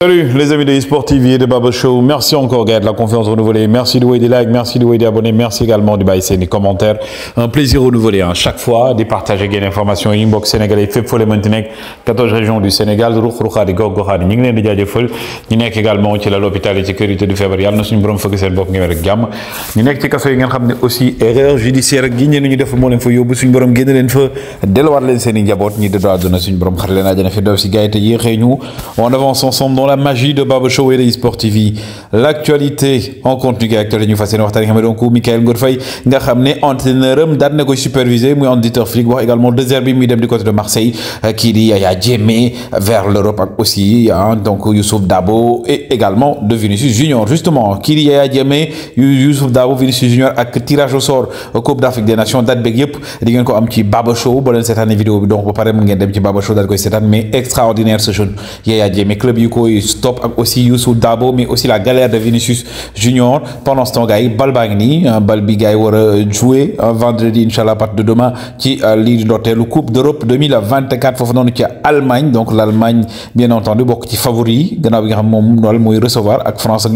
Salut les amis de eSport TV et de Babo Show. Merci encore Gaël de la confiance renouvelée. Merci de vous des likes, merci de vous des abonnés, merci également de baisser des commentaires. Un plaisir renouvelé hein. chaque fois de partager des informations inbox sénégalais fait folle maintenant 14 régions du Sénégal roux roux di gog goxani ñi ngi leen di jaajeufal ñi nekk également ci la l'hôpital et ci kër yi tëdd feebar yàlla na suñu borom fëgg seen bopp ngeen rek jàmm ñi nekk ci kaso yi ngeen xam ne aussi erreur judiciaire ak yi ñeen ñu def Nous leen fa yóbbu suñu borom génn leen fa delluwaat leen seen i njaboot de dëddu àdduna suñu borom xar leen àjjana fi daw si gaay te yéexee ñu on avance ensemble la magie de Babo Show et de eSport TV l'actualité en contenu ak de nous, fas yéene waxtaan donc Mikayil Ngor Faye nga xam ne entraîneur am flic wax également deux bi du côté de Marseille Kiri di Yaya vers l'Europe aussi ah, donc Youssouf Dabo et également de Vinicius Junior justement Kiri di Yaya Youssouf Dabo Vinicius Junior ak tirage au sort Coupe d'Afrique des Nations date beeg yëpp di ngeen ko am ci Babo Show ba cette seetaanee vidéo donc ba pare mu dem ci Babo Show année mais extraordinaire ce jeune Yaya Djemé, club yu stop aussi Youssou Dabo mais aussi la galère de Vinicius Junior pendant ce temps il Balbagni un hein, baa wara un jouer hein, vendredi inchallah à partir de demain qui lii l'hôtel coupe d'Europe 2024 pour ci Allemagne donc l'Allemagne bien entendu beaucoup ci favori il bi nga xam recevoir avec France ak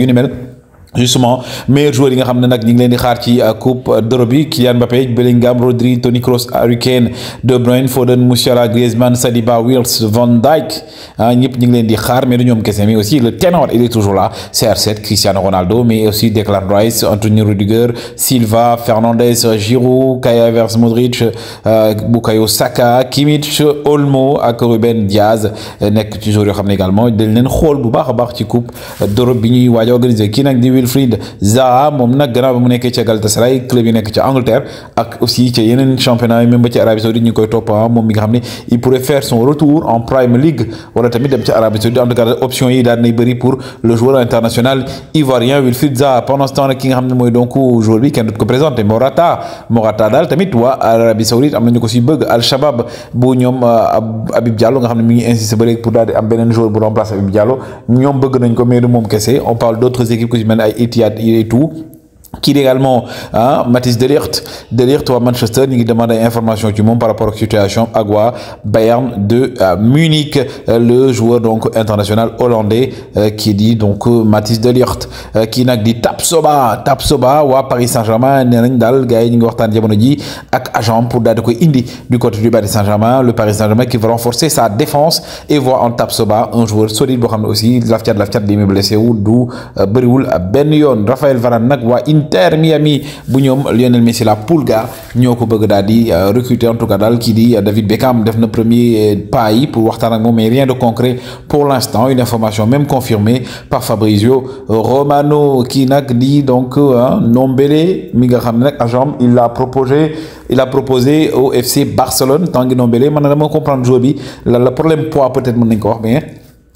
justement meilleurs joueurs yi nga xam nak nag leen di xaar ci euh, coupe d'Europe bi Kylian Mbappé Bellingham Rodri Toni Kroos Harry Kane De Bruyne Foden Musiala Griezmann Saliba Wills Van Dijk ah les ngi leen di xaar mais du ñoom aussi le ténor il est toujours là CR7 Cristiano Ronaldo mais aussi Declan Rice Anthony Rudiger Silva Fernandez Giroud Kai Havertz Modric euh, Bukayo Saka Kimmich Olmo ak Ruben Diaz nek toujours yo également dañ leen xol bu baax baax ci coupe d'Europe bi ñuy joué organiser ki nak di Wilfried Zaha moom nag gannaaw ba mu nekkee Galatasaray club yi nekk ci Angleterre ak aussi ci yenen championnat même ci Arabie Saoudite ñu koy top, ah, mom mi nga xamni il pourrait faire son retour en Prime League wala tamit dem ci Arabie Saoudite en tout cas option yi daal nay bari pour le joueur international ivoirien Wilfried Zaha pendant ce temps nag ki nga xamni ne donc joueur bi kenn dut ko présenté Morata Morata dal tamit waa Arabie Saoudite am nañu ko ci bëgg Al Shabab bu ñom ah, Habib Diallo nga xamni mi ngi insister ba pour daal di am benen joueur bu remplacer Habib Diallo ñom bëgg nañ ko mais du moom kese on parle d'autres équipes que je mène. it, it, it e est également hein, Mathis Delirte Delirte à Manchester qui demande des information du monde par rapport à la situation à Bayern de euh, Munich le joueur donc international hollandais euh, qui dit donc euh, Mathis Delirte n'a que dit Tapsoba Tapsoba à Paris Saint-Germain Neringdal, nañ daal gars et agent pour indi du côté du Paris Saint-Germain le Paris Saint-Germain qui veut renforcer sa défense et voit en Tapsoba un joueur solide pour aussi lafcat de me blessé ou Dou, bëriwul ben yon Raphaël Varane Nagwa Indy Inter ami, bu Lionel Messi la Pulga Nyoko recruté recruter en tout cas qui dit à David Beckham def premier euh, pas pour waxtaan ak mais rien de concret pour l'instant une information même confirmée par Fabrizio Romano qui nak di donc non euh, hein, mi nga xam il l'a proposé il a proposé au FC Barcelone Tangi que man na comprendre joueur bi le problème poids peut-être mon ko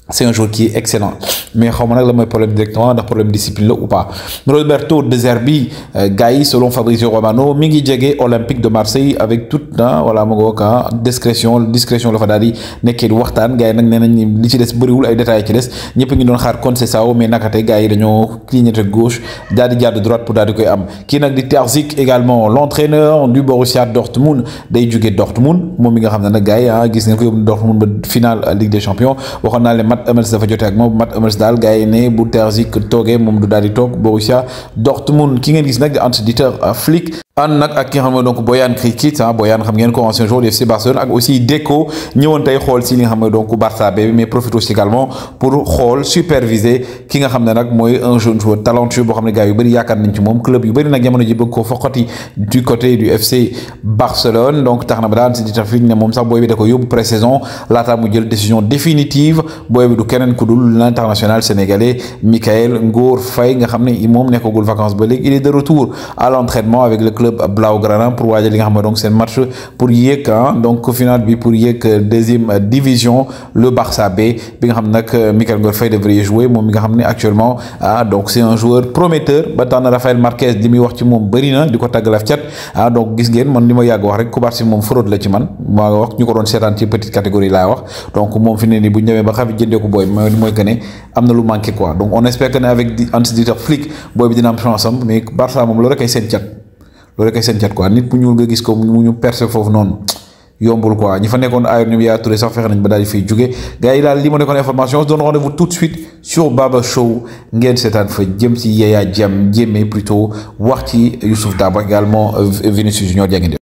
c'est un joueur qui est excellent mais xaw ma nag la mooy problème directement ndax problème discipline ou pas Roberto De Zerbi euh, gars selon Fabrizio Romano Mingi ngi Olympique de Marseille avec toute hein, na voilà ma ngoog hein, discrétion discrétion la fa daal di nekkee di waxtaan gars yi nag nee nañ li ci des bëriwul ay détails ci des ñëpp ngi doon xaar Conceição mais naka tey gars yi dañoo clignoter gauche daal di de droite pour daal di koy am kii nag di Terzic également l'entraîneur du Borussia Dortmund day jóge Dortmund moom mi nga xam ne ah ko Dortmund finale Ligue des Champions waxoon naa Matt Hummels dafa jote ak moom Matt Hummels daal gars yi ne bu Terzic toogee moom du daal di toog Borussia Dortmund ki ngeen gis nag Hans-Dieter Flick on ak ki nga donc Boyan krikit Boyan xam ngeen ko ancien joueur du FC Barcelone ak aussi Deco ñewon tay xol si li nga donc Barça mais profite aussi également pour xol superviser ki nga xam nak moy un jeune joueur talentueux bo xam ne gars yu bari nañ ci club yu bari nak jamono ji bëgg ko foqati du côté du FC Barcelone donc tard na pas daan si di fi ne sax boy bi da ko yob pré-saison ta mu jël décision définitive boy bi du kenen ku dul l'international sénégalais Michael Ngor Faye nga xam ne moom vacances ba il est de retour à l'entraînement avec le club club blaugrana pour waajal li nga xam ne donc seen match pour yéeg ah, donc finale bi pour yéeg euh, deuxième euh, division le Barça B bi nga xam nak euh, Michael Ngor devrait jouer mom mi nga xam actuellement ah donc c'est un joueur prometteur ba Rafael Marquez di wax ci mom bari na diko ko tàggalaf ah donc gis ngeen man nima yag wax rek Kovacic mom fraude la ci man maa wax ñuko don doon ci petite catégorie la wax donc mom fi ne nii bu ñëwé ba xam jëndee ko boy moy mooy que ne am lu manqué quoi donc on espère que avec anti Dieter Flick boy bi dina am chance mais Barça mom lo rek ay seen cat loolu kay seen cat quoi nit bu ñuul nga gis ko mu ñu percé foofu noonu yombul quoi ñi fa nekkoon ayoon ñu yaa turé sax fexe nañ ba daal di fiy jóge gars yi daal li ma nekkoon information on rendez-vous tout de suite sur Baba Show ngeen seetaan fa jëm ci Yaya Jam jéemee plutôt wax ci Youssouf Daba également euh, Vinicius Junior jaa